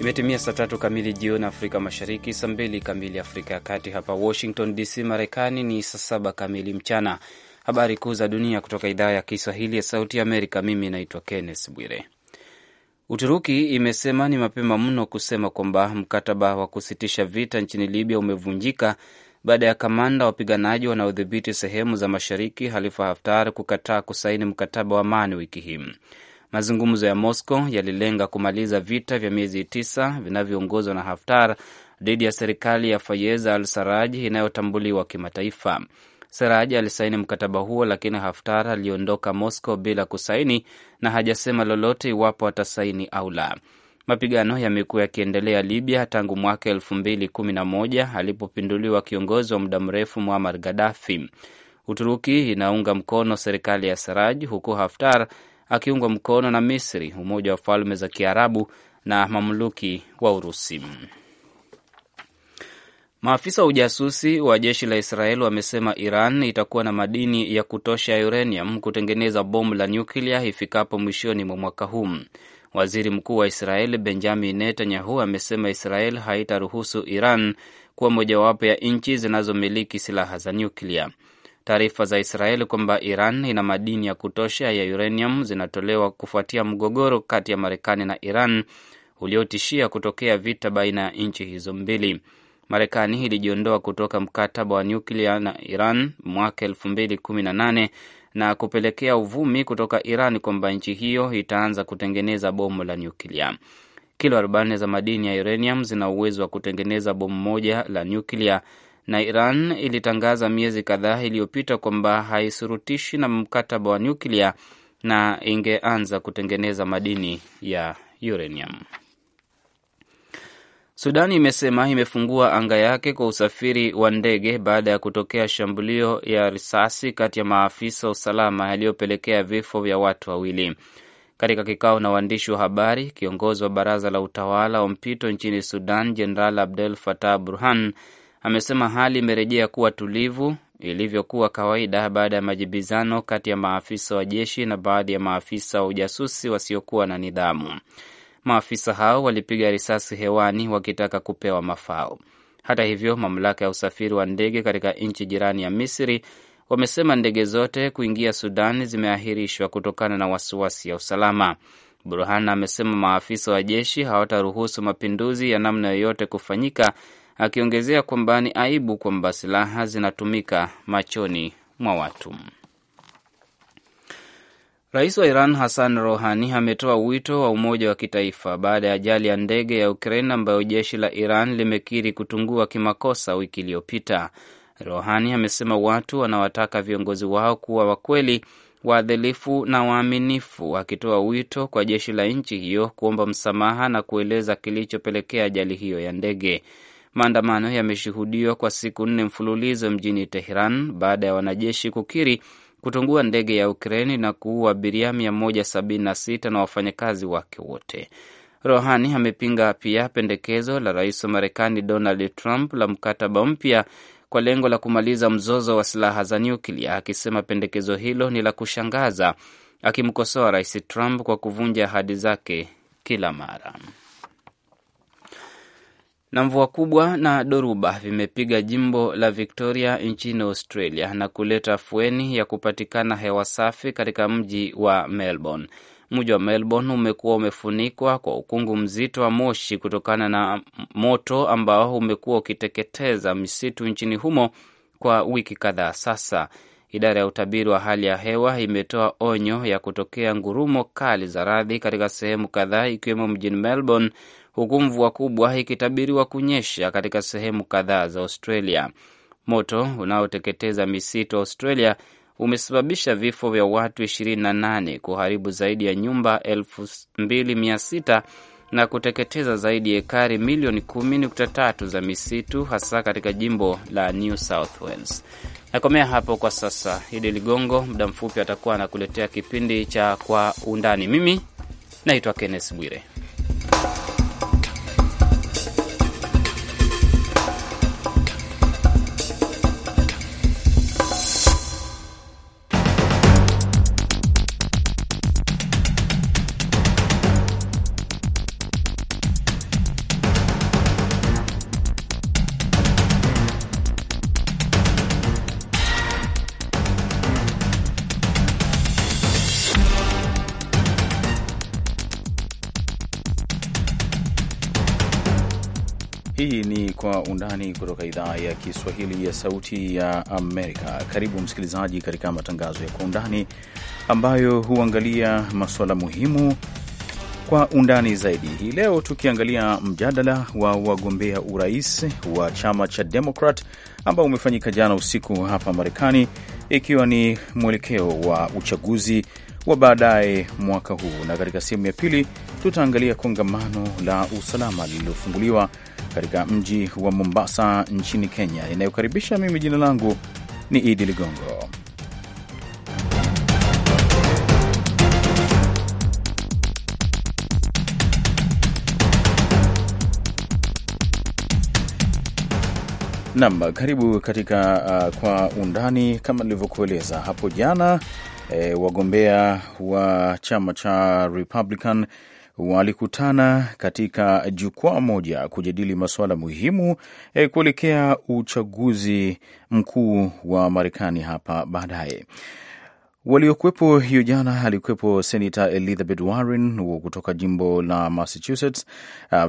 Imetimia saa tatu kamili jioni Afrika Mashariki, saa mbili kamili Afrika ya Kati. Hapa Washington DC, Marekani ni saa saba kamili mchana. Habari kuu za dunia kutoka idhaa ya Kiswahili ya Sauti ya Amerika. Mimi naitwa Kenneth Bwire. Uturuki imesema ni mapema mno kusema kwamba mkataba wa kusitisha vita nchini Libya umevunjika baada ya kamanda wapiganaji wanaodhibiti sehemu za mashariki Halifa Haftar kukataa kusaini mkataba wa amani wiki hii. Mazungumzo ya Moscow yalilenga kumaliza vita vya miezi tisa vinavyoongozwa na Haftar dhidi ya serikali ya Fayez al Saraj inayotambuliwa kimataifa. Saraj alisaini mkataba huo, lakini Haftar aliondoka Moscow bila kusaini na hajasema lolote iwapo atasaini au la. Mapigano yamekuwa yakiendelea Libya tangu mwaka elfu mbili kumi na moja alipopinduliwa kiongozi wa muda mrefu Muammar Gaddafi. Uturuki inaunga mkono serikali ya Saraj huku Haftar akiungwa mkono na Misri, Umoja wa Falme za Kiarabu na mamluki wa Urusi. Maafisa wa ujasusi wa jeshi la Israel wamesema Iran itakuwa na madini ya kutosha ya uranium kutengeneza bomu la nyuklia ifikapo mwishoni mwa mwaka huu. Waziri Mkuu wa Israel Benjamin Netanyahu amesema Israel haitaruhusu Iran kuwa mojawapo ya nchi zinazomiliki silaha za nyuklia. Taarifa za Israeli kwamba Iran ina madini ya kutosha ya uranium zinatolewa kufuatia mgogoro kati ya Marekani na Iran uliotishia kutokea vita baina ya nchi hizo mbili. Marekani ilijiondoa kutoka mkataba wa nyuklia na Iran mwaka elfu mbili kumi na nane na kupelekea uvumi kutoka Iran kwamba nchi hiyo itaanza kutengeneza bomu la nyuklia. Kilo 40 za madini ya uranium zina uwezo wa kutengeneza bomu moja la nyuklia na Iran ilitangaza miezi kadhaa iliyopita kwamba haisurutishi na mkataba wa nyuklia na ingeanza kutengeneza madini ya uranium. Sudani imesema imefungua anga yake kwa usafiri wa ndege baada ya kutokea shambulio ya risasi kati ya maafisa wa usalama yaliyopelekea vifo vya watu wawili. Katika kikao na waandishi wa habari, kiongozi wa baraza la utawala wa mpito nchini Sudan, Jeneral Abdel Fattah Burhan amesema hali imerejea kuwa tulivu ilivyokuwa kawaida baada ya majibizano kati ya maafisa wa jeshi na baadhi ya maafisa wa ujasusi wasiokuwa na nidhamu. Maafisa hao walipiga risasi hewani wakitaka kupewa mafao. Hata hivyo, mamlaka ya usafiri wa ndege katika nchi jirani ya Misri wamesema ndege zote kuingia Sudan zimeahirishwa kutokana na wasiwasi ya usalama. Burhan amesema maafisa wa jeshi hawataruhusu mapinduzi ya namna yoyote kufanyika akiongezea kwamba ni aibu kwamba silaha zinatumika machoni mwa watu. Rais wa Iran Hassan Rohani ametoa wito wa umoja wa kitaifa baada ya ajali ya ndege ya Ukraine ambayo jeshi la Iran limekiri kutungua kimakosa wiki iliyopita. Rohani amesema watu wanawataka viongozi wao kuwa wakweli, waadhilifu na waaminifu, akitoa wito kwa jeshi la nchi hiyo kuomba msamaha na kueleza kilichopelekea ajali hiyo ya ndege. Maandamano yameshuhudiwa kwa siku nne mfululizo mjini Teheran baada ya wanajeshi kukiri kutungua ndege ya Ukraini na kuua abiria 176 na wafanyakazi wake wote. Rohani amepinga pia pendekezo la rais wa Marekani Donald Trump la mkataba mpya kwa lengo la kumaliza mzozo wa silaha za nyuklia, akisema pendekezo hilo ni la kushangaza, akimkosoa rais Trump kwa kuvunja ahadi zake kila mara na mvua kubwa na dhoruba vimepiga jimbo la Victoria nchini Australia na kuleta afueni ya kupatikana hewa safi katika mji wa Melbourne. Mji wa Melbourne umekuwa umefunikwa kwa ukungu mzito wa moshi kutokana na moto ambao umekuwa ukiteketeza misitu nchini humo kwa wiki kadhaa sasa. Idara ya utabiri wa hali ya hewa imetoa onyo ya kutokea ngurumo kali za radi katika sehemu kadhaa ikiwemo mjini Melbourne huku mvua kubwa ikitabiriwa kunyesha katika sehemu kadhaa za Australia. Moto unaoteketeza misitu Australia umesababisha vifo vya watu 28 kuharibu zaidi ya nyumba 2600 na kuteketeza zaidi ya ekari milioni 10.3 za misitu hasa katika jimbo la New South Wales. Nakomea hapo kwa sasa. Idi Ligongo muda mfupi atakuwa anakuletea kipindi cha Kwa Undani. Mimi naitwa Kenneth Bwire. undani kutoka idhaa ya Kiswahili ya Sauti ya Amerika. Karibu msikilizaji katika matangazo ya kwa undani ambayo huangalia masuala muhimu kwa undani zaidi. Hii leo tukiangalia mjadala wa wagombea urais wa chama cha Demokrat ambao umefanyika jana usiku hapa Marekani, ikiwa ni mwelekeo wa uchaguzi wa baadaye mwaka huu, na katika sehemu ya pili tutaangalia kongamano la usalama lililofunguliwa katika mji wa Mombasa nchini Kenya. Inayokaribisha mimi, jina langu ni Idi Ligongo. Nam, karibu katika uh, kwa undani. Kama nilivyokueleza hapo jana, e, wagombea wa chama cha Republican walikutana katika jukwaa moja kujadili masuala muhimu e, kuelekea uchaguzi mkuu wa Marekani hapa baadaye. Waliokuwepo hiyo jana, alikuwepo Senata Elizabeth Warren kutoka jimbo la Massachusetts,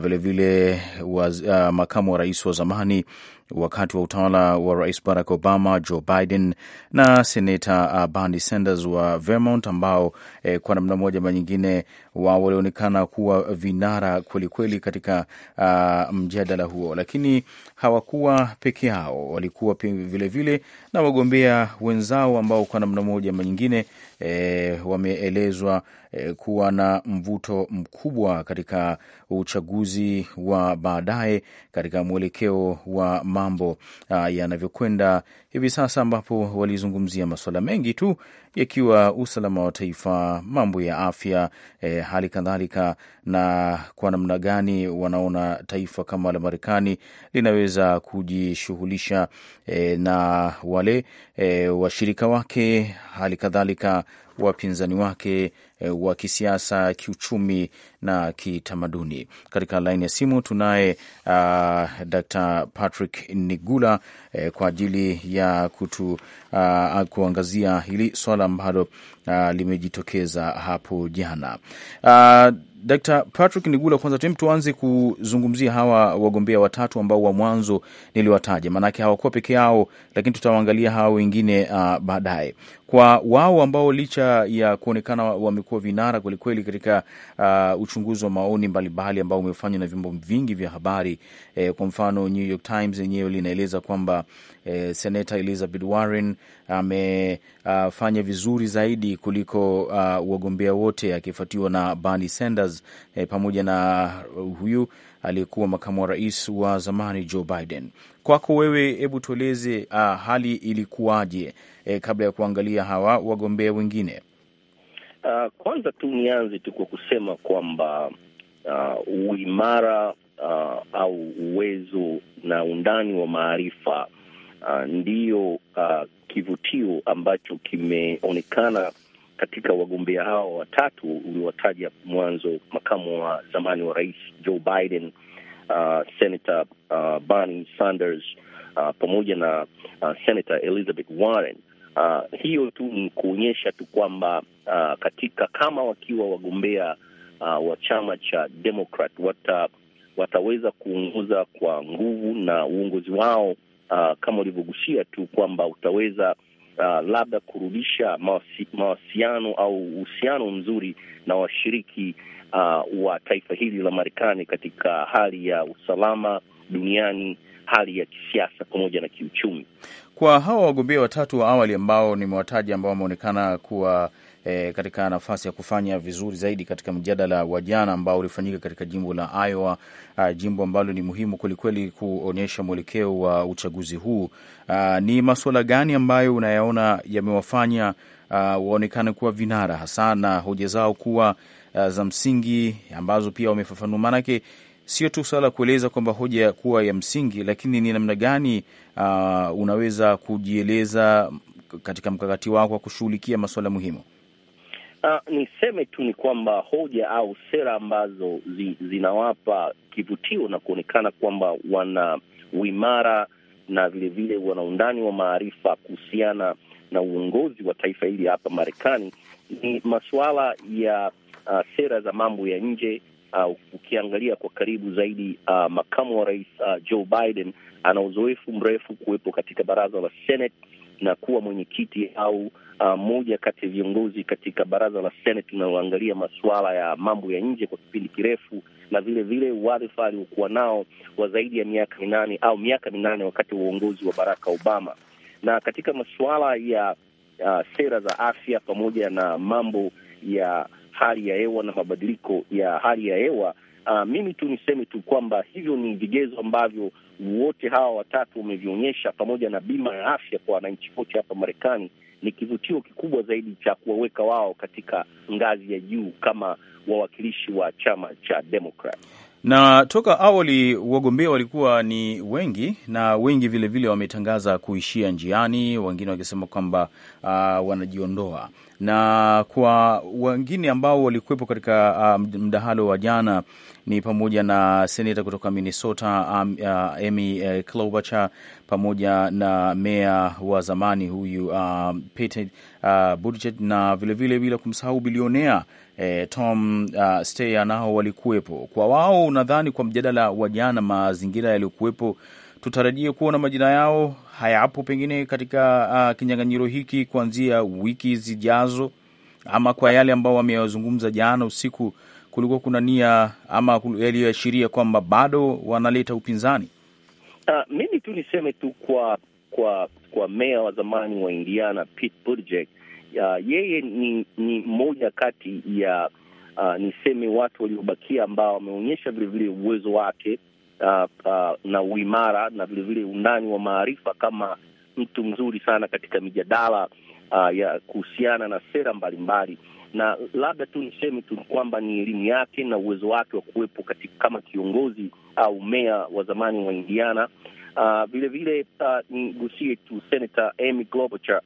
vilevile ah, vile uh, makamu wa rais wa zamani wakati wa utawala wa rais Barack Obama, Joe Biden na senata uh, Bernie Sanders wa Vermont, ambao eh, kwa namna moja ama nyingine wao walionekana kuwa vinara kwelikweli katika uh, mjadala huo, lakini hawakuwa peke yao, walikuwa vilevile na wagombea wenzao ambao kwa namna moja ama nyingine e, wameelezwa e, kuwa na mvuto mkubwa katika uchaguzi wa baadaye katika mwelekeo wa mambo ah, yanavyokwenda hivi sasa, ambapo walizungumzia masuala mengi tu yakiwa usalama wa taifa, mambo ya afya, e, hali kadhalika na kwa namna gani wanaona taifa kama la Marekani linaweza kujishughulisha e, na wale e, washirika wake, hali kadhalika wapinzani wake e, wa kisiasa, kiuchumi na kitamaduni. Katika laini ya simu tunaye Dr. Patrick Nigula e, kwa ajili ya kutu, a, kuangazia hili swala ambalo limejitokeza hapo jana a, Dkt. Patrick Nigula, kwanza tem tuanze kuzungumzia hawa wagombea watatu ambao wa mwanzo niliwataja, maanake hawakuwa peke yao, lakini tutawaangalia hawa wengine uh, baadaye. Kwa wao ambao licha ya kuonekana wamekuwa vinara kwelikweli katika uh, uchunguzi wa maoni mbalimbali ambao umefanywa na vyombo vingi vya habari eh, kwa mfano New York Times yenyewe linaeleza kwamba e, eh, seneta Elizabeth Warren amefanya uh, vizuri zaidi kuliko uh, wagombea wote, akifuatiwa na Bernie Sanders e, pamoja na huyu aliyekuwa makamu wa rais wa zamani Joe Biden. Kwako wewe, hebu tueleze uh, hali ilikuwaje e, kabla ya kuangalia hawa wagombea wengine? Uh, kwanza tu nianze tu kwa kusema kwamba uh, uimara uh, au uwezo na undani wa maarifa uh, ah, ndiyo uh, ah, kivutio ambacho kimeonekana katika wagombea hao watatu uliowataja mwanzo, makamu wa zamani wa rais Joe Biden, uh, Senator uh, Bernie Sanders uh, pamoja na uh, Senator Elizabeth Warren. Uh, hiyo tu ni kuonyesha tu kwamba uh, katika kama wakiwa wagombea uh, wa chama cha Democrat wata, wataweza kuongoza kwa nguvu na uongozi wao uh, kama ulivyogusia tu kwamba utaweza uh, labda kurudisha mawasi, mawasiliano au uhusiano mzuri na washiriki uh, wa taifa hili la Marekani katika hali ya usalama duniani, hali ya kisiasa pamoja na kiuchumi. Kwa hawa wagombea watatu wa awali ambao nimewataja, ambao wameonekana kuwa e, katika nafasi ya kufanya vizuri zaidi katika mjadala wa jana ambao ulifanyika katika jimbo la Iowa, a, jimbo ambalo ni muhimu kwelikweli kuonyesha mwelekeo wa uchaguzi huu. A, ni masuala gani ambayo unayaona yamewafanya waonekane kuwa vinara hasa na hoja zao kuwa a, za msingi ambazo pia wamefafanua maanake sio tu swala kueleza kwamba hoja ya kuwa ya msingi, lakini ni namna gani uh, unaweza kujieleza katika mkakati wako wa kushughulikia masuala muhimu. Uh, niseme tu ni kwamba hoja au sera ambazo zi, zinawapa kivutio na kuonekana kwamba wana uimara na vilevile wana undani wa maarifa kuhusiana na uongozi wa taifa hili hapa Marekani ni masuala ya uh, sera za mambo ya nje. Uh, ukiangalia kwa karibu zaidi uh, makamu wa rais uh, Joe Biden ana uzoefu mrefu kuwepo katika baraza la Senate na kuwa mwenyekiti au uh, moja kati ya viongozi katika baraza la Senate linaloangalia masuala ya mambo ya nje kwa kipindi kirefu, na vile vile wadhifa aliokuwa nao wa zaidi ya miaka minane au miaka minane wakati wa uongozi wa Barack Obama, na katika masuala ya uh, sera za afya pamoja na mambo ya hali ya hewa na mabadiliko ya hali ya hewa Uh, mimi tu niseme tu kwamba hivyo ni vigezo ambavyo wote hawa watatu wamevionyesha, pamoja na bima ya afya kwa wananchi wote hapa Marekani, ni kivutio kikubwa zaidi cha kuwaweka wao katika ngazi ya juu kama wawakilishi wa chama cha Democrat. Na toka awali wagombea walikuwa ni wengi na wengi vilevile vile wametangaza kuishia njiani, wengine wakisema kwamba uh, wanajiondoa na kwa wengine ambao walikuwepo katika uh, mdahalo wa jana ni pamoja na seneta kutoka Minnesota um, uh, Amy uh, Klobuchar pamoja na meya wa zamani huyu uh, Pete uh, Buttigieg na vilevile bila vile kumsahau bilionea e, Tom uh, Steyer nao walikuwepo. Kwa wao, unadhani kwa mjadala wa jana, mazingira yaliyokuwepo, tutarajie kuona majina yao hayapo pengine katika uh, kinyang'anyiro hiki kuanzia wiki zijazo, ama kwa yale ambao wameyazungumza jana usiku, kulikuwa kuna nia ama yaliyoashiria kwamba bado wanaleta upinzani. Uh, mimi tu niseme tu kwa kwa kwa meya wa zamani wa Indiana Pete Buttigieg uh, yeye ni ni mmoja kati ya uh, niseme watu waliobakia ambao wameonyesha vilevile uwezo wake uh, uh, na uimara na vilevile undani wa maarifa kama mtu mzuri sana katika mijadala uh, ya kuhusiana na sera mbalimbali mbali na labda tu niseme tu kwamba ni elimu yake na uwezo wake wa kuwepo katika kama kiongozi au meya wa zamani wa Indiana. Vilevile uh, vile, uh, nigusie tu Senator Amy Klobuchar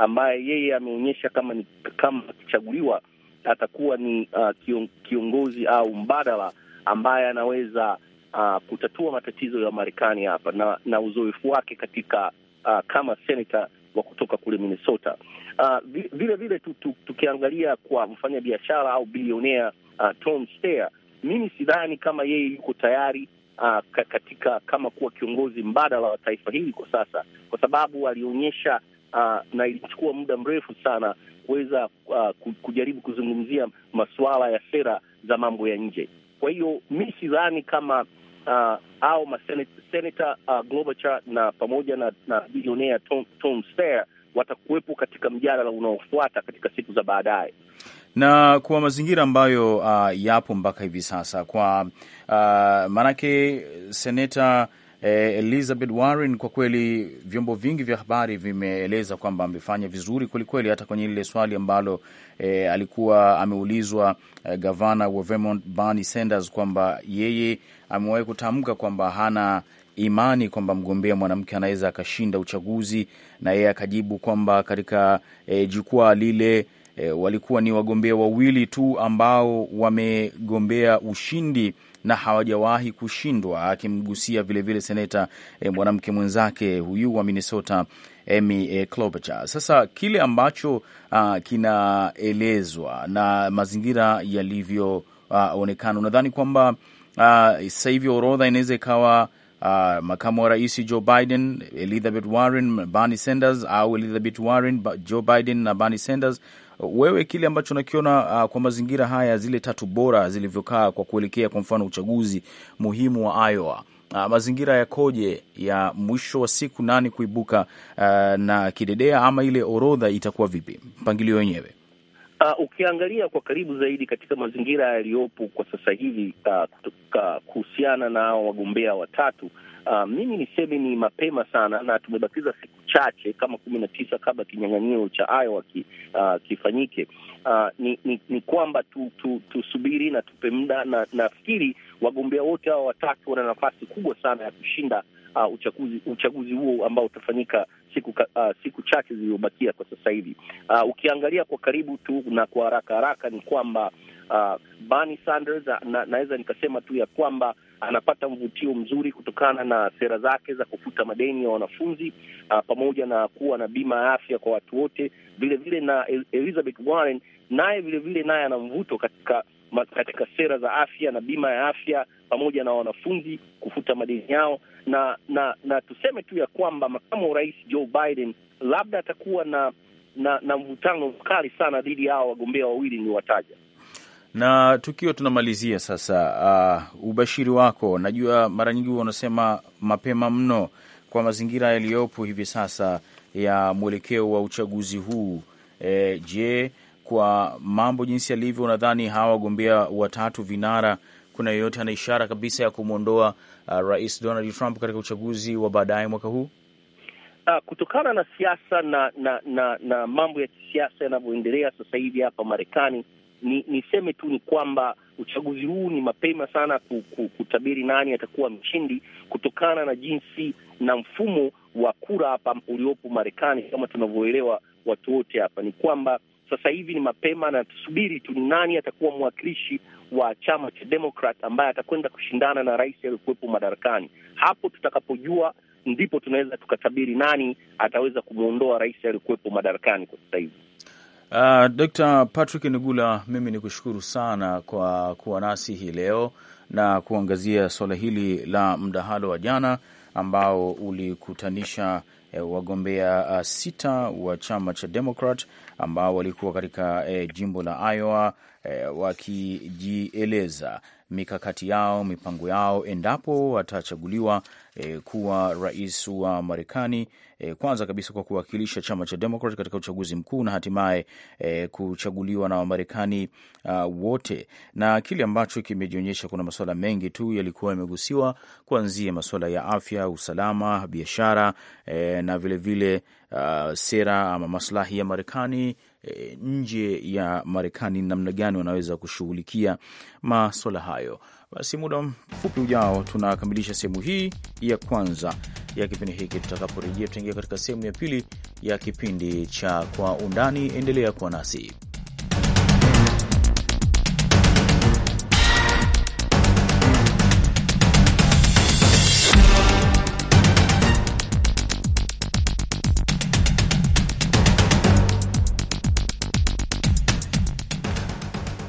ambaye yeye ameonyesha kama ni kama akichaguliwa atakuwa ni uh, kiongozi au mbadala ambaye anaweza uh, kutatua matatizo ya Marekani hapa na, na uzoefu wake katika uh, kama senata wa kutoka kule Minnesota. Uh, vile vile tu, tu, tukiangalia kwa mfanyabiashara au bilionea uh, Tom Steyer, mimi sidhani kama yeye yuko tayari uh, katika kama kuwa kiongozi mbadala wa taifa hili kwa sasa, kwa sababu alionyesha uh, na ilichukua muda mrefu sana kuweza uh, kujaribu kuzungumzia masuala ya sera za mambo ya nje. Kwa hiyo mi sidhani kama uh, au masenata uh, Globacha na pamoja na, na bilionea Tom, Tom Steyer watakuwepo katika mjadala unaofuata katika siku za baadaye na kwa mazingira ambayo uh, yapo mpaka hivi sasa kwa uh, maanake seneta eh, Elizabeth Warren, kwa kweli vyombo vingi vya habari vimeeleza kwamba amefanya vizuri kwelikweli, hata kwenye lile swali ambalo eh, alikuwa ameulizwa eh, gavana wa Vermont Bernie Sanders kwamba yeye amewahi kutamka kwamba hana imani kwamba mgombea mwanamke anaweza akashinda uchaguzi, na yeye akajibu kwamba katika eh, jukwaa lile eh, walikuwa ni wagombea wawili tu ambao wamegombea ushindi na hawajawahi kushindwa, akimgusia vilevile seneta eh, mwanamke mwenzake huyu wa Minnesota Amy e, Klobuchar. Sasa kile ambacho ah, kinaelezwa na mazingira yalivyoonekana, ah, unadhani kwamba ah, sasa hivi orodha inaweza ikawa Uh, makamu wa rais Joe Biden, Elizabeth Warren, Bernie Sanders au Elizabeth Warren, Joe Biden na Bernie Sanders wewe kile ambacho nakiona uh, ah, kwa mazingira haya, zile tatu bora zilivyokaa kwa kuelekea kwa mfano uchaguzi muhimu wa Iowa uh, mazingira yakoje ya mwisho wa siku, nani kuibuka uh, na kidedea ama ile orodha itakuwa vipi, mpangilio wenyewe? Uh, ukiangalia kwa karibu zaidi katika mazingira yaliyopo kwa sasa hivi kuhusiana na wagombea watatu Uh, mimi niseme ni mapema sana na tumebakiza siku chache kama kumi na tisa kabla kinyang'anyiro cha Iowa ki, uh, kifanyike. Uh, ni, ni, ni kwamba tu, tu, tusubiri na tupe muda, na nafikiri wagombea wote hawa watatu wana nafasi kubwa sana ya kushinda uh, uchaguzi uchaguzi huo ambao utafanyika siku uh, siku chache zilizobakia kwa sasa hivi. Uh, ukiangalia kwa karibu tu na kwa haraka haraka ni kwamba uh, Bernie Sanders naweza na nikasema tu ya kwamba anapata mvutio mzuri kutokana na sera zake za kufuta madeni ya wanafunzi uh, pamoja na kuwa na bima ya afya kwa watu wote, vilevile na Elizabeth Warren naye vilevile naye ana mvuto katika katika sera za afya na bima ya afya pamoja na wanafunzi kufuta madeni yao, na na na tuseme tu ya kwamba makamu wa rais Joe Biden labda atakuwa na na, na mvutano mkali sana dhidi ya hao wagombea wawili ni wataja na tukiwa tunamalizia sasa, uh, ubashiri wako, najua mara nyingi unasema mapema mno kwa mazingira yaliyopo hivi sasa ya mwelekeo wa uchaguzi huu. E, je, kwa mambo jinsi yalivyo, nadhani hawa wagombea watatu vinara, kuna yeyote ana ishara kabisa ya kumwondoa uh, Rais Donald Trump katika uchaguzi wa baadaye mwaka huu? Ah, kutokana na siasa na na, na, na mambo ya kisiasa yanavyoendelea sasa hivi hapa Marekani niseme ni tu ni kwamba uchaguzi huu ni mapema sana kutabiri nani atakuwa mshindi kutokana na jinsi na mfumo wa kura hapa uliopo Marekani. Kama tunavyoelewa watu wote hapa, ni kwamba sasa hivi ni mapema na tusubiri tu ni nani atakuwa mwakilishi wa chama cha Demokrat ambaye atakwenda kushindana na rais aliyokuwepo madarakani. Hapo tutakapojua ndipo tunaweza tukatabiri nani ataweza kumwondoa rais aliyokuwepo madarakani kwa sasa hivi. Uh, Dr. Patrick Nigula, mimi ni kushukuru sana kwa kuwa nasi hii leo na kuangazia suala hili la mdahalo wa jana ambao ulikutanisha eh, wagombea uh, sita wa chama cha Democrat ambao walikuwa katika eh, jimbo la Iowa eh, wakijieleza mikakati yao, mipango yao endapo atachaguliwa e, kuwa rais wa Marekani e, kwanza kabisa kwa kuwakilisha chama cha Demokrat katika uchaguzi mkuu na hatimaye e, kuchaguliwa na Wamarekani uh, wote. Na kile ambacho kimejionyesha, kuna masuala mengi tu yalikuwa yamegusiwa, kuanzia masuala ya afya, usalama, biashara e, na vilevile vile, uh, sera ama maslahi ya Marekani E, nje ya Marekani, namna gani wanaweza kushughulikia maswala hayo. Basi muda mfupi ujao tunakamilisha sehemu hii ya kwanza ya kipindi hiki. Tutakaporejea tutaingia katika sehemu ya pili ya kipindi cha Kwa Undani. Endelea kuwa nasi.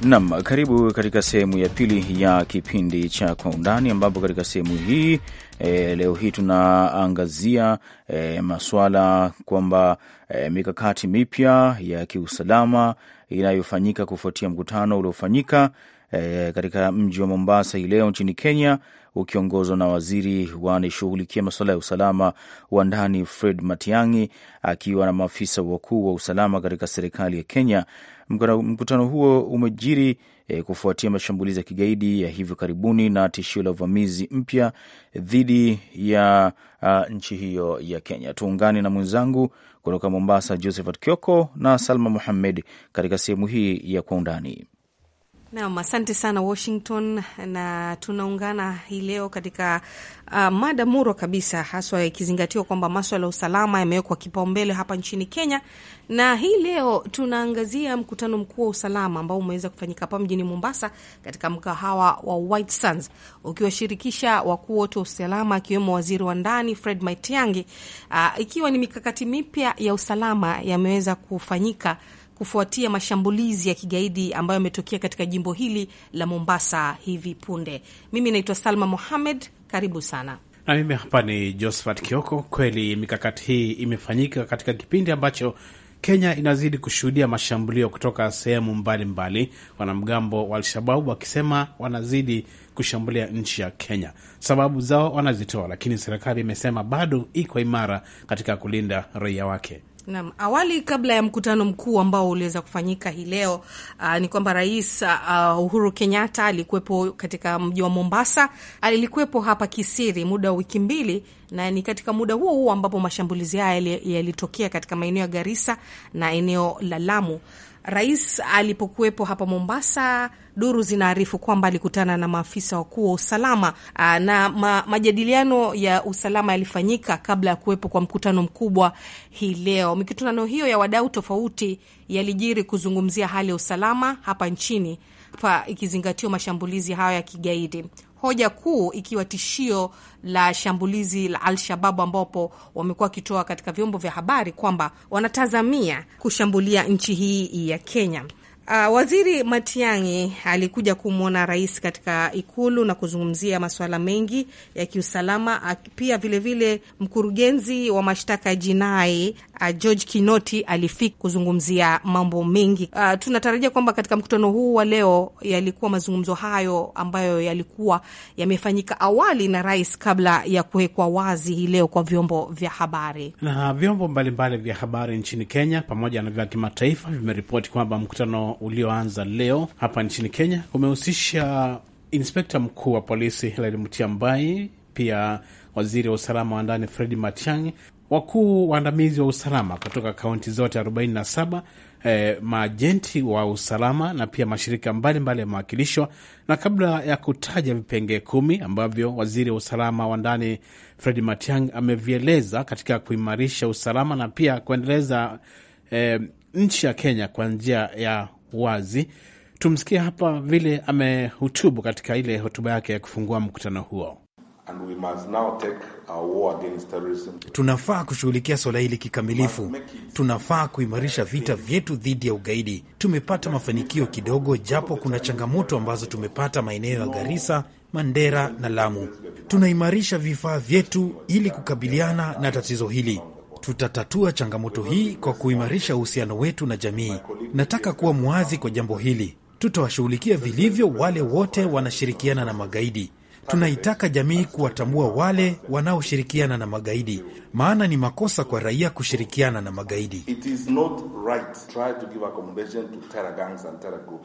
Nam, karibu katika sehemu ya pili ya kipindi cha Kwa Undani, ambapo katika sehemu hii e, leo hii tunaangazia e, masuala kwamba e, mikakati mipya ya kiusalama inayofanyika kufuatia mkutano uliofanyika e, katika mji wa Mombasa hii leo nchini Kenya ukiongozwa na waziri wanayeshughulikia masuala ya usalama wa ndani Fred Matiang'i akiwa na maafisa wakuu wa usalama katika serikali ya Kenya. Mkutano huo umejiri e, kufuatia mashambulizi ya kigaidi ya hivi karibuni na tishio la uvamizi mpya dhidi ya a, nchi hiyo ya Kenya. Tuungane na mwenzangu kutoka Mombasa, Josephat Kioko na Salma Muhammed katika sehemu hii ya Kwa Undani. Nam, asante sana Washington, na tunaungana hii leo katika uh, mada murwa kabisa, haswa ikizingatiwa kwamba maswala ya usalama yamewekwa kipaumbele hapa nchini Kenya, na hii leo tunaangazia mkutano mkuu wa usalama ambao umeweza kufanyika hapa mjini Mombasa katika mkahawa wa White Sands ukiwashirikisha wakuu wote wa usalama akiwemo waziri wa ndani Fred Maitiangi, uh, ah, ikiwa ni mikakati mipya ya usalama yameweza kufanyika kufuatia mashambulizi ya kigaidi ambayo yametokea katika jimbo hili la Mombasa hivi punde. Mimi naitwa Salma Mohamed, karibu sana na mimi hapa ni Josephat Kioko. Kweli mikakati hii imefanyika katika kipindi ambacho Kenya inazidi kushuhudia mashambulio kutoka sehemu mbalimbali, wanamgambo wa Alshababu wakisema wanazidi kushambulia nchi ya Kenya. Sababu zao wanazitoa, lakini serikali imesema bado iko imara katika kulinda raia wake. Naam, awali kabla ya mkutano mkuu ambao uliweza kufanyika hii leo uh, ni kwamba Rais uh, Uhuru Kenyatta alikuwepo katika mji wa Mombasa, alikuwepo hapa kisiri muda wa wiki mbili, na ni katika muda huo huo ambapo mashambulizi haya yalitokea katika maeneo ya Garissa na eneo la Lamu. Rais alipokuwepo hapa Mombasa, duru zinaarifu kwamba alikutana na maafisa wakuu wa usalama na ma, majadiliano ya usalama yalifanyika kabla ya kuwepo kwa mkutano mkubwa hii leo. Mikutano hiyo ya wadau tofauti yalijiri kuzungumzia hali ya usalama hapa nchini, pa ikizingatiwa mashambulizi hayo ya kigaidi hoja kuu ikiwa tishio la shambulizi la Al-Shababu, ambapo wamekuwa wakitoa katika vyombo vya habari kwamba wanatazamia kushambulia nchi hii ya Kenya. Uh, Waziri Matiang'i alikuja kumwona rais katika ikulu na kuzungumzia masuala mengi ya kiusalama. Pia vilevile vile mkurugenzi wa mashtaka ya jinai uh, George Kinoti alifika kuzungumzia mambo mengi. Uh, tunatarajia kwamba katika mkutano huu wa leo yalikuwa mazungumzo hayo ambayo yalikuwa yamefanyika awali na rais kabla ya kuwekwa wazi hii leo kwa vyombo vya habari. Na vyombo mbalimbali vya habari nchini Kenya pamoja na vya kimataifa vimeripoti kwamba mkutano ulioanza leo hapa nchini Kenya umehusisha inspekta mkuu wa polisi Hilary Mutyambai, pia waziri wa usalama wa ndani Fredi Matiang'i, wakuu waandamizi wa usalama kutoka kaunti zote 47 E, eh, maajenti wa usalama na pia mashirika mbalimbali yamewakilishwa. Na kabla ya kutaja vipengee kumi ambavyo waziri wa usalama wa ndani Fred Matiang amevieleza katika kuimarisha usalama na pia kuendeleza e, nchi ya Kenya kwa njia ya wazi, tumsikie hapa vile amehutubu katika ile hotuba yake ya kufungua mkutano huo. And we must now take our war against terrorism. Tunafaa kushughulikia swala hili kikamilifu. Tunafaa kuimarisha vita vyetu dhidi ya ugaidi. Tumepata mafanikio kidogo, japo kuna changamoto ambazo tumepata maeneo ya Garissa, Mandera na Lamu. Tunaimarisha vifaa vyetu ili kukabiliana na tatizo hili. Tutatatua changamoto hii kwa kuimarisha uhusiano wetu na jamii. Nataka kuwa mwazi kwa jambo hili, tutawashughulikia vilivyo wale wote wanashirikiana na magaidi. Tunaitaka jamii kuwatambua wale wanaoshirikiana na magaidi, maana ni makosa kwa raia kushirikiana na magaidi.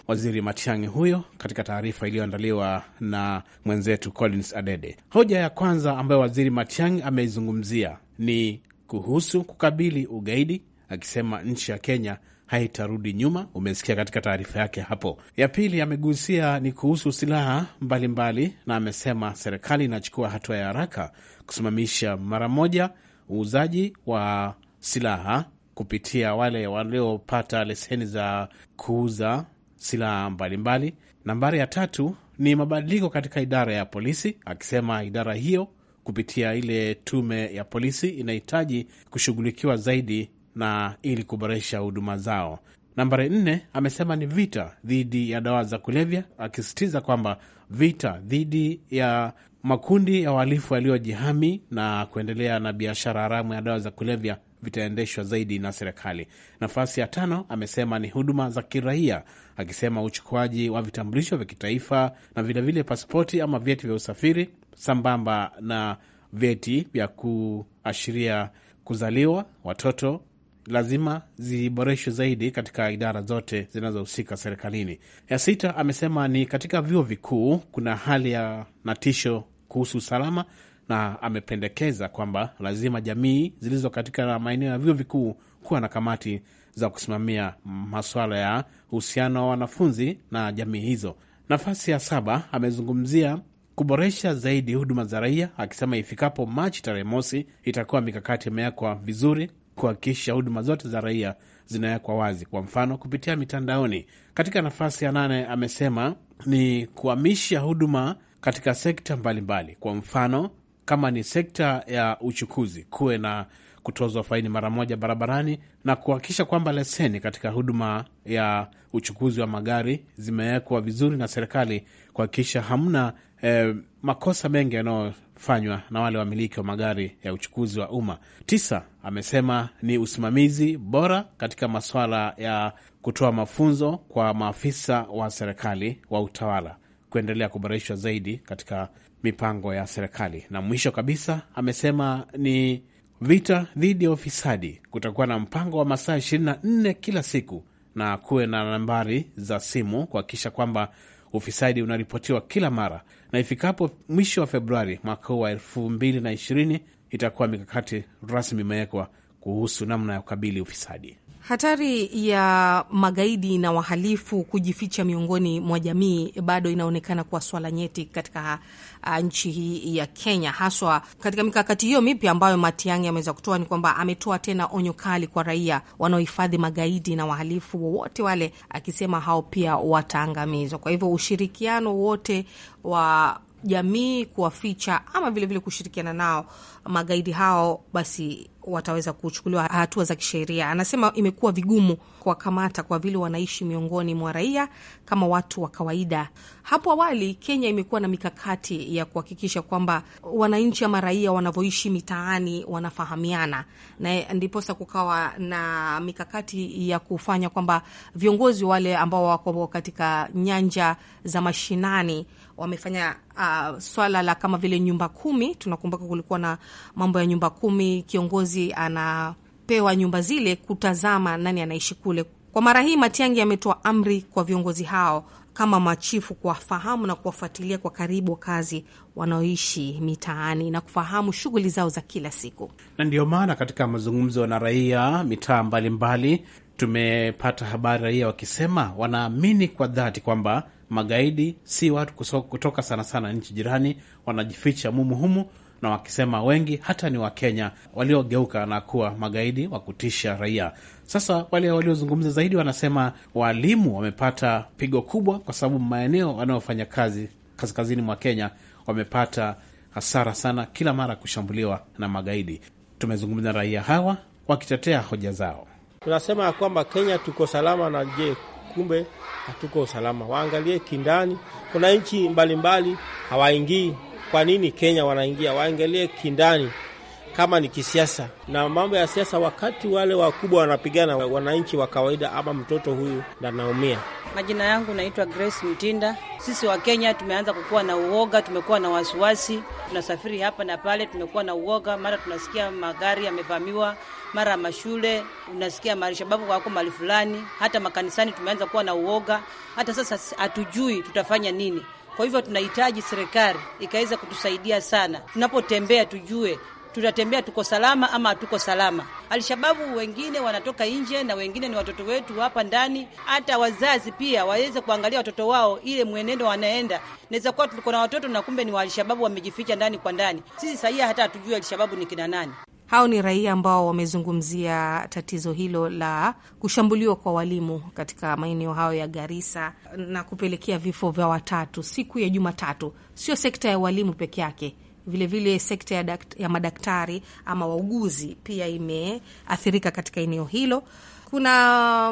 Waziri Matiang'i huyo katika taarifa iliyoandaliwa na mwenzetu Collins Adede. Hoja ya kwanza ambayo Waziri Matiang'i ameizungumzia ni kuhusu kukabili ugaidi, akisema nchi ya Kenya haitarudi nyuma. Umesikia katika taarifa yake hapo. Ya pili amegusia ni kuhusu silaha mbalimbali mbali, na amesema serikali inachukua hatua ya haraka kusimamisha mara moja uuzaji wa silaha kupitia wale waliopata leseni za kuuza silaha mbalimbali. Nambari ya tatu ni mabadiliko katika idara ya polisi, akisema idara hiyo kupitia ile tume ya polisi inahitaji kushughulikiwa zaidi na ili kuboresha huduma zao. Nambari nne amesema ni vita dhidi ya dawa za kulevya, akisisitiza kwamba vita dhidi ya makundi ya uhalifu yaliyojihami na kuendelea na biashara haramu ya dawa za kulevya vitaendeshwa zaidi na serikali. Nafasi ya tano amesema ni huduma za kiraia, akisema uchukuaji wa vitambulisho vya kitaifa na vilevile pasipoti ama vyeti vya usafiri sambamba na vyeti vya kuashiria kuzaliwa watoto lazima ziboreshwe zaidi katika idara zote zinazohusika serikalini. Ya sita amesema ni katika vyuo vikuu kuna hali ya natisho kuhusu usalama, na amependekeza kwamba lazima jamii zilizo katika maeneo ya vyuo vikuu kuwa na kamati za kusimamia masuala ya uhusiano wa wanafunzi na jamii hizo. Nafasi ya saba amezungumzia kuboresha zaidi huduma za raia, akisema ifikapo Machi tarehe mosi itakuwa mikakati imewekwa vizuri kuhakikisha huduma zote za raia zinawekwa wazi, kwa mfano kupitia mitandaoni. Katika nafasi ya nane, amesema ni kuhamisha huduma katika sekta mbalimbali mbali. Kwa mfano kama ni sekta ya uchukuzi, kuwe na kutozwa faini mara moja barabarani na kuhakikisha kwamba leseni katika huduma ya uchukuzi wa magari zimewekwa vizuri na serikali kuhakikisha hamna eh, makosa mengi yanayo fanywa na wale wamiliki wa magari ya uchukuzi wa umma. Tisa amesema ni usimamizi bora katika masuala ya kutoa mafunzo kwa maafisa wa serikali wa utawala kuendelea kuboreshwa zaidi katika mipango ya serikali. Na mwisho kabisa amesema ni vita dhidi ya ufisadi. Kutakuwa na mpango wa masaa 24 kila siku na kuwe na nambari za simu kuhakikisha kwamba Ufisadi unaripotiwa kila mara, na ifikapo mwisho wa Februari mwaka huu wa elfu mbili na ishirini itakuwa mikakati rasmi imewekwa kuhusu namna ya kukabili ufisadi. Hatari ya magaidi na wahalifu kujificha miongoni mwa jamii bado inaonekana kuwa swala nyeti katika uh, nchi hii ya Kenya, haswa katika mikakati hiyo mipya ambayo Matiang'i ameweza kutoa. Ni kwamba ametoa tena onyo kali kwa raia wanaohifadhi magaidi na wahalifu wowote wale, akisema hao pia wataangamizwa. Kwa hivyo ushirikiano wote wa jamii kuwaficha ama vilevile kushirikiana nao magaidi hao, basi wataweza kuchukuliwa hatua za kisheria. Anasema imekuwa vigumu kuwakamata kwa vile wanaishi miongoni mwa raia kama watu wa kawaida. Hapo awali, Kenya imekuwa na mikakati ya kuhakikisha kwamba wananchi ama raia wanavyoishi mitaani wanafahamiana, na ndiposa kukawa na mikakati ya kufanya kwamba viongozi wale ambao wako katika nyanja za mashinani wamefanya uh, swala la kama vile nyumba kumi. Tunakumbuka kulikuwa na mambo ya nyumba kumi, kiongozi anapewa nyumba zile kutazama nani anaishi kule. Kwa mara hii Matiang'i ametoa amri kwa viongozi hao kama machifu kuwafahamu na kuwafuatilia kwa karibu wakazi wanaoishi mitaani na kufahamu shughuli zao za kila siku. Na ndiyo maana katika mazungumzo na raia mitaa mbalimbali tumepata habari raia wakisema wanaamini kwa dhati kwamba magaidi si watu kutoka sana sana nchi jirani, wanajificha mumuhumu na wakisema wengi hata ni Wakenya waliogeuka na kuwa magaidi wa kutisha raia. Sasa wale waliozungumza zaidi wanasema waalimu wamepata pigo kubwa, kwa sababu maeneo wanayofanya kazi kaskazini mwa Kenya wamepata hasara sana, kila mara kushambuliwa na magaidi. Tumezungumza raia hawa wakitetea hoja zao. Tunasema ya kwamba Kenya tuko salama na je kumbe hatuko usalama. Waangalie kindani, kuna nchi mbalimbali hawaingii. Kwa nini Kenya wanaingia? Waangalie kindani kama ni kisiasa na mambo ya siasa. Wakati wale wakubwa wanapigana, wananchi wa kawaida ama mtoto huyu ndanaumia. Majina yangu naitwa Grace Mtinda. Sisi wa Kenya tumeanza kukuwa na uoga, tumekuwa na wasiwasi, tunasafiri hapa na pale, tumekuwa na uoga, mara tunasikia magari yamevamiwa, mara mashule unasikia marishababu wako mali fulani, hata makanisani tumeanza kuwa na uoga. Hata sasa hatujui tutafanya nini. Kwa hivyo tunahitaji serikali ikaweza kutusaidia sana, tunapotembea tujue tutatembea tuko salama ama hatuko salama. Alshababu wengine wanatoka nje na wengine ni watoto wetu hapa ndani. Hata wazazi pia waweze kuangalia watoto wao, ile mwenendo wanaenda. Naweza kuwa tuko na watoto na kumbe ni wa wamejificha ndani kwa ndani. Sisi sahia hata hatujui Alshababu ni kina nani. Hao ni raia ambao wamezungumzia tatizo hilo la kushambuliwa kwa walimu katika maeneo hayo ya Garissa na kupelekea vifo vya watatu siku ya Jumatatu. Sio sekta ya walimu peke yake vilevile vile sekta ya, dakt, ya madaktari ama wauguzi pia imeathirika katika eneo hilo. Kuna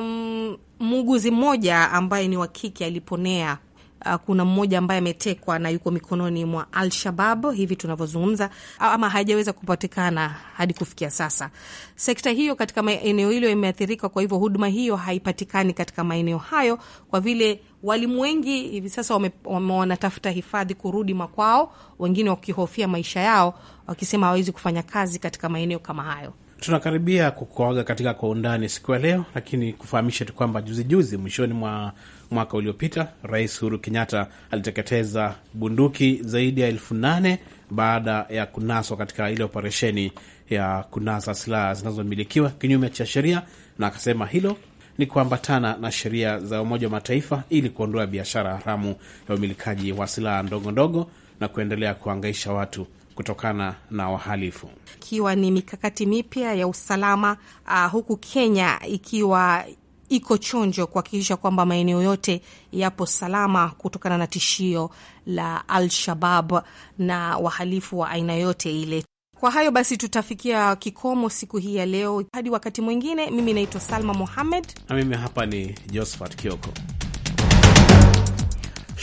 mm, muuguzi mmoja ambaye ni wa kike aliponea Ah, kuna mmoja ambaye ametekwa na yuko mikononi mwa alshabab hivi tunavyozungumza, ama hajaweza kupatikana hadi kufikia sasa. Sekta hiyo katika maeneo hilo imeathirika, kwa hivyo huduma hiyo haipatikani katika maeneo hayo, kwa vile walimu wengi hivi sasa wame wanatafuta hifadhi kurudi makwao, wengine wakihofia maisha yao, wakisema hawawezi kufanya kazi katika maeneo kama hayo. Tunakaribia kukoaga katika kwa undani siku ya leo, lakini kufahamisha tu kwamba juzijuzi, mwishoni mwa mwaka uliopita, Rais Uhuru Kenyatta aliteketeza bunduki zaidi ya elfu nane baada ya kunaswa katika ile operesheni ya kunasa silaha zinazomilikiwa kinyume cha sheria, na akasema hilo ni kuambatana na sheria za Umoja wa Mataifa ili kuondoa biashara haramu ya umilikaji wa silaha ndogo ndogo na kuendelea kuangaisha watu kutokana na wahalifu, ikiwa ni mikakati mipya ya usalama uh, huku Kenya ikiwa iko chonjo kuhakikisha kwamba maeneo yote yapo salama kutokana na tishio la Al-Shabab na wahalifu wa aina yote ile. Kwa hayo basi, tutafikia kikomo siku hii ya leo. Hadi wakati mwingine, mimi naitwa Salma Mohamed na mimi hapa ni Josephat Kioko.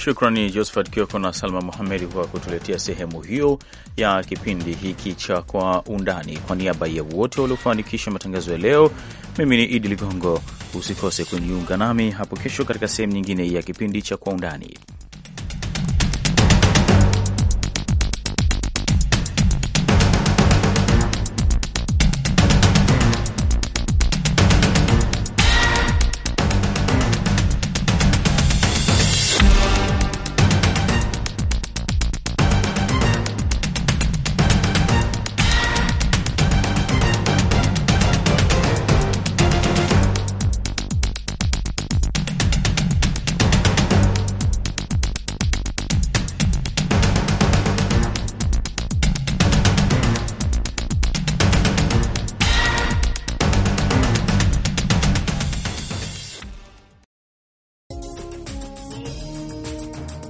Shukrani Josephat Kioko na Salma Muhamedi kwa kutuletea sehemu hiyo ya kipindi hiki cha Kwa Undani. Kwa niaba ya wote waliofanikisha matangazo ya leo, mimi ni Idi Ligongo. Usikose kuniunga nami hapo kesho katika sehemu nyingine ya kipindi cha Kwa Undani.